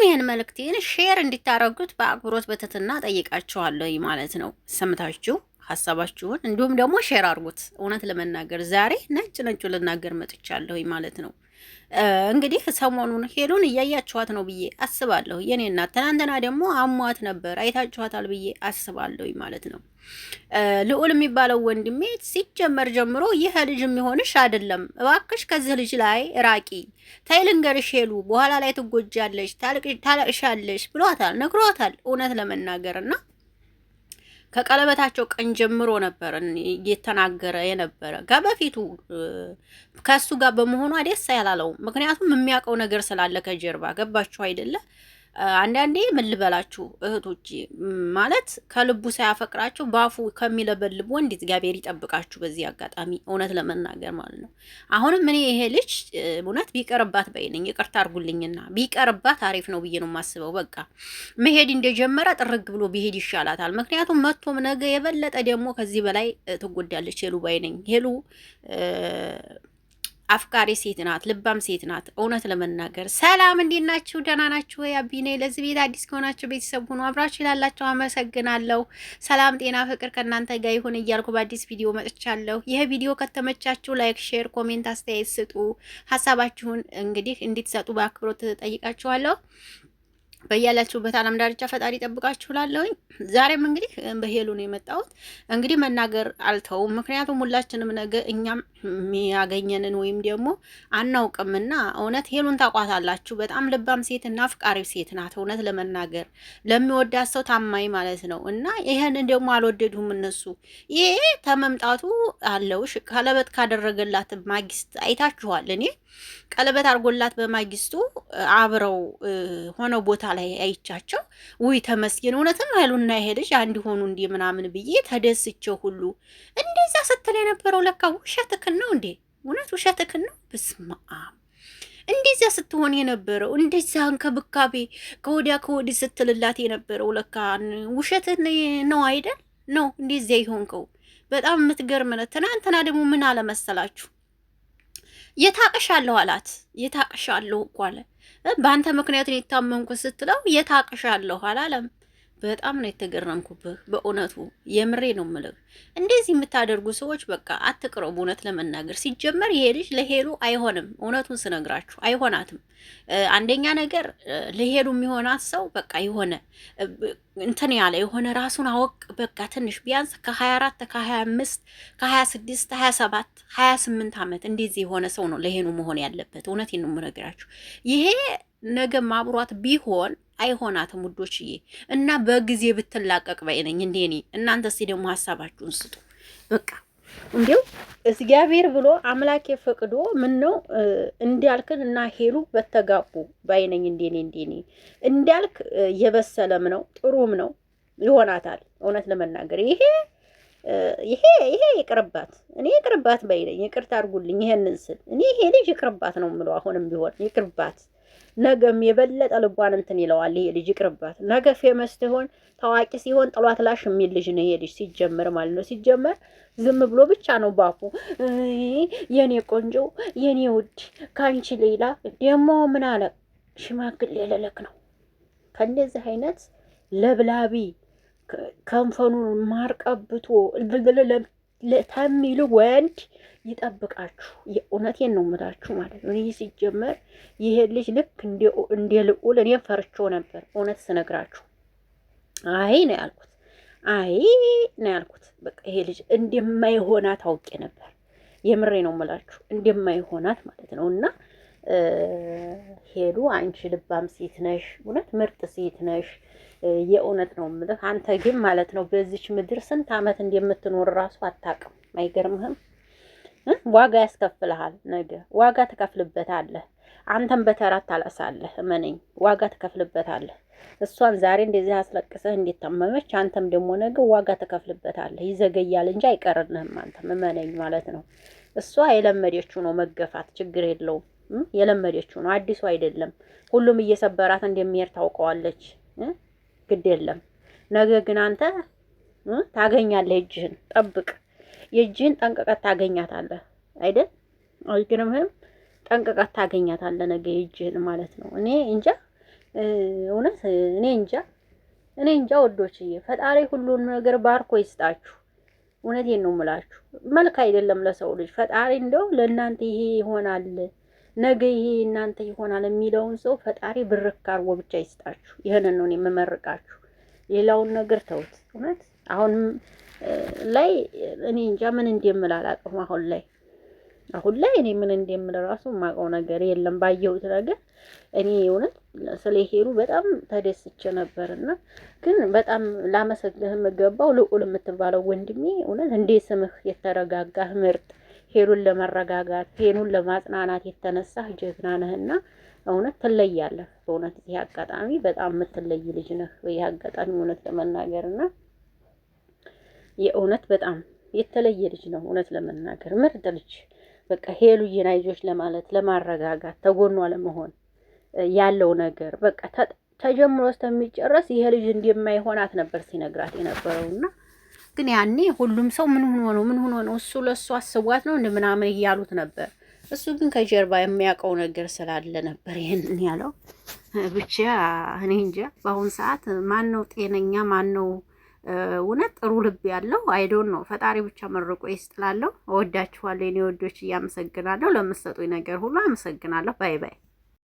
ሁላችሁም ይህን መልእክቴን ሼር እንዲታረጉት በአክብሮት በትትና ጠይቃችኋለሁ ማለት ነው። ሰምታችሁ ሀሳባችሁን እንዲሁም ደግሞ ሼር አድርጉት። እውነት ለመናገር ዛሬ ነጭ ነጩ ልናገር መጥቻለሁ ማለት ነው። እንግዲህ ሰሞኑን ሄሉን እያያችኋት ነው ብዬ አስባለሁ። የኔ እናት ትናንትና ደግሞ አሟት ነበር፣ አይታችኋታል ብዬ አስባለሁ ማለት ነው። ልዑል የሚባለው ወንድሜ ሲጀመር ጀምሮ ይህ ልጅ የሚሆንሽ አይደለም፣ እባክሽ ከዚህ ልጅ ላይ ራቂ፣ ተይ ልንገርሽ ሄሉ በኋላ ላይ ትጎጃለሽ፣ ታልቅሻለሽ ብሏታል፣ ነግሯታል እውነት ለመናገር እና ከቀለበታቸው ቀን ጀምሮ ነበር እየተናገረ የነበረ በፊቱ ከእሱ ጋር በመሆኗ ደስ ያላለው ምክንያቱም የሚያውቀው ነገር ስላለ ከጀርባ ገባችሁ አይደለ? አንዳንዴ ምን ልበላችሁ እህቶች፣ ማለት ከልቡ ሳያፈቅራችሁ በአፉ ከሚለበልብ ወንድ እግዚአብሔር ይጠብቃችሁ። በዚህ አጋጣሚ እውነት ለመናገር ማለት ነው። አሁንም እኔ ይሄ ልጅ እውነት ቢቀርባት በይነኝ፣ ይቅርታ አርጉልኝና ቢቀርባት አሪፍ ነው ብዬ ነው የማስበው። በቃ መሄድ እንደጀመረ ጥርግ ብሎ ቢሄድ ይሻላታል። ምክንያቱም መቶም ነገ የበለጠ ደግሞ ከዚህ በላይ ትጎዳለች። ሄሉ በይነኝ ሄሉ አፍቃሪ ሴት ናት፣ ልባም ሴት ናት። እውነት ለመናገር ሰላም፣ እንዴት ናችሁ? ደህና ናችሁ ወይ? አቢኔ ለዚህ ቤት አዲስ ከሆናችሁ ቤተሰብ ሁኑ። አብራችሁ ይላላችሁ፣ አመሰግናለሁ። ሰላም፣ ጤና፣ ፍቅር ከእናንተ ጋር ይሁን እያልኩ በአዲስ ቪዲዮ መጥቻለሁ። ይህ ቪዲዮ ከተመቻችሁ ላይክ፣ ሼር፣ ኮሜንት አስተያየት ስጡ። ሀሳባችሁን እንግዲህ እንድትሰጡ በአክብሮት ጠይቃችኋለሁ። በያላችሁበት ዓለም ዳርቻ ፈጣሪ ጠብቃችሁ እላለሁኝ። ዛሬም እንግዲህ በሄሉ ነው የመጣሁት። እንግዲህ መናገር አልተውም፣ ምክንያቱም ሁላችንም ነገ እኛም የሚያገኘንን ወይም ደግሞ አናውቅምና እውነት ሄሉን ታቋታላችሁ። በጣም ልባም ሴት እና አፍቃሪ ሴት ናት። እውነት ለመናገር ለሚወዳት ሰው ታማኝ ማለት ነው እና ይህንን ደግሞ አልወደዱም እነሱ። ይሄ ተመምጣቱ አለውሽ ቀለበት ካደረገላት ማግስት አይታችኋል። እኔ ቀለበት አድርጎላት በማግስቱ አብረው ሆነው ቦታ ላይ አይቻቸው ውይ ተመስገን እውነትም ሀይሉና ይሄ ልጅ አንድ ሆኑ እንዲ ምናምን ብዬ ተደስቸው ሁሉ እንደዛ ስትል የነበረው ለካ ውሸትክን ነው እንዴ? እውነት ውሸትክን ነው? ብስማ እንደዚያ ስትሆን የነበረው እንደዚያ እንክብካቤ ከወዲያ ከወዲህ ስትልላት የነበረው ለካ ውሸት ነው አይደል? ነው እንደዚያ ይሆንከው። በጣም የምትገርም ነው። ትናንትና ደግሞ ምን አለመሰላችሁ የታቀሻለሁ አላት። የታቀሻለሁ እኮ አለ። በአንተ ምክንያት የታመንኩ ስትለው የታቀሻለሁ አላለም። በጣም ነው የተገረምኩብህ በእውነቱ የምሬ ነው ምልህ። እንደዚህ የምታደርጉ ሰዎች በቃ አትቅረቡ። እውነት ለመናገር ሲጀመር ይሄ ልጅ ለሄሉ አይሆንም። እውነቱን ስነግራችሁ አይሆናትም። አንደኛ ነገር ለሄሉ የሚሆናት ሰው በቃ የሆነ እንትን ያለ የሆነ ራሱን አወቅ በቃ ትንሽ ቢያንስ ከ24 ከ25 ከ26 27 28 ዓመት እንደዚህ የሆነ ሰው ነው ለሄሉ መሆን ያለበት። እውነቴን ነው የምነግራችሁ። ይሄ ነገ ማብሯት ቢሆን አይሆናትም ውዶችዬ። እና በጊዜ ብትላቀቅ ባይ ነኝ እንዴ እኔ። እናንተ እስኪ ደግሞ ሀሳባችሁን ስጡ። በቃ እንዲው እግዚአብሔር ብሎ አምላኬ ፈቅዶ ምን ነው እንዲያልክን እና ሄሉ በተጋቡ ባይ ነኝ እንደ እኔ እንደ እንዲያልክ የበሰለም ነው ጥሩም ነው ይሆናታል። እውነት ለመናገር ይሄ ይሄ ይሄ ይቅርባት፣ እኔ ይቅርባት ባይ ነኝ። ይቅርታ አድርጉልኝ ይሄንን ስል እኔ ይሄ ልጅ ይቅርባት ነው የምለው አሁንም ቢሆን ይቅርባት ነገም የበለጠ ልቧን እንትን ይለዋል። ይሄ ልጅ ይቅርባት። ነገ ፌመስ ሲሆን ታዋቂ ሲሆን ጥሏት ላሽ የሚል ልጅ ነው ይሄ ልጅ ሲጀመር ማለት ነው። ሲጀመር ዝም ብሎ ብቻ ነው ባፉ። የኔ ቆንጆ፣ የኔ ውድ፣ ከአንቺ ሌላ ደግሞ ምን አለ ሽማግሌ ለለክ ነው። ከእንደዚህ አይነት ለብላቢ ከንፈኑን ማርቀብቶ ከሚሉ ወንድ ይጠብቃችሁ። የእውነቴን ነው የምላችሁ ማለት ነው። ይህ ሲጀመር ይሄ ልጅ ልክ እንደ ልዑል እኔም ፈርቼው ነበር እውነት ስነግራችሁ። አይ ነው ያልኩት፣ አይ ነው ያልኩት። በቃ ይሄ ልጅ እንደማይሆናት አውቄ ነበር። የምሬ ነው የምላችሁ እንደማይሆናት ማለት ነው እና ሄሉ አንቺ ልባም ሴት ነሽ፣ እውነት ምርጥ ሴት ነሽ። የእውነት ነው የምልህ። አንተ ግን ማለት ነው በዚች ምድር ስንት ዓመት እንደምትኖር ራሱ አታውቅም። አይገርምህም? ዋጋ ያስከፍልሃል። ነገ ዋጋ ትከፍልበታለህ። አንተም በተራት ታለቅሳለህ። እመነኝ፣ ዋጋ ትከፍልበታለህ። እሷን ዛሬ እንደዚህ አስለቅሰህ እንዴት ታመመች፣ አንተም ደግሞ ነገ ዋጋ ትከፍልበታለህ። ይዘገያል እንጂ አይቀርልህም። አንተም እመነኝ ማለት ነው። እሷ የለመደችው ነው መገፋት፣ ችግር የለውም የለመደችው ነው፣ አዲሱ አይደለም። ሁሉም እየሰበራት እንደሚሄድ ታውቀዋለች። ግድ የለም ነገ ግን አንተ ታገኛለህ። እጅህን ጠብቅ፣ የእጅህን ጠንቅቀት ታገኛታለህ አይደል? አይገርምህም? ጠንቅቀት ታገኛታለህ ነገ የእጅህን ማለት ነው። እኔ እንጃ እውነት እኔ እንጃ እኔ እንጃ ወዶችዬ፣ ፈጣሪ ሁሉን ነገር ባርኮ ይስጣችሁ። እውነቴን ነው የምላችሁ። መልክ አይደለም ለሰው ልጅ ፈጣሪ እንደው ለእናንተ ይሄ ይሆናል ነገ ይሄ እናንተ ይሆናል የሚለውን ሰው ፈጣሪ ብርክ አድርጎ ብቻ ይስጣችሁ። ይህንን ነው የምመርቃችሁ። ሌላውን ነገር ተውት። እውነት አሁን ላይ እኔ እንጃ ምን እንደምል አላውቅም። አሁን ላይ አሁን ላይ እኔ ምን እንደምል ራሱ የማውቀው ነገር የለም። ባየሁት ነገር እኔ እውነት ስለ ሄሉ በጣም ተደስቼ ነበርና ግን በጣም ላመሰግንህ የምገባው ልዑል የምትባለው ወንድሜ እውነት እንደ ስምህ የተረጋጋህ ምርጥ ሄሉን ለመረጋጋት ሄሉን ለማጽናናት የተነሳ ጀግና ነህና እውነት ትለያለህ። በእውነት ይህ አጋጣሚ በጣም የምትለይ ልጅ ነህ። ይህ አጋጣሚ እውነት ለመናገር እና የእውነት በጣም የተለየ ልጅ ነው። እውነት ለመናገር ምርጥ ልጅ በቃ ሄሉ አይዞሽ ለማለት ለማረጋጋት ተጎኗ ለመሆን ያለው ነገር በቃ ተጀምሮ እስከሚጨረስ ይሄ ልጅ እንደማይሆናት ነበር ሲነግራት የነበረውና ግን ያኔ ሁሉም ሰው ምን ሆኖ ነው ምን ሆኖ ነው እሱ ለእሱ አስቧት ነው እንደ ምናምን እያሉት ነበር። እሱ ግን ከጀርባ የሚያውቀው ነገር ስላለ ነበር ይህንን ያለው። ብቻ እኔ እንጃ በአሁን ሰዓት ማን ነው ጤነኛ? ማን ነው እውነት ጥሩ ልብ ያለው? አይዶን ነው ፈጣሪ ብቻ መርቆ ይስጥላለሁ። እወዳችኋለሁ የኔ ወዶች፣ እያመሰግናለሁ። ለምሰጡኝ ነገር ሁሉ አመሰግናለሁ። ባይ ባይ።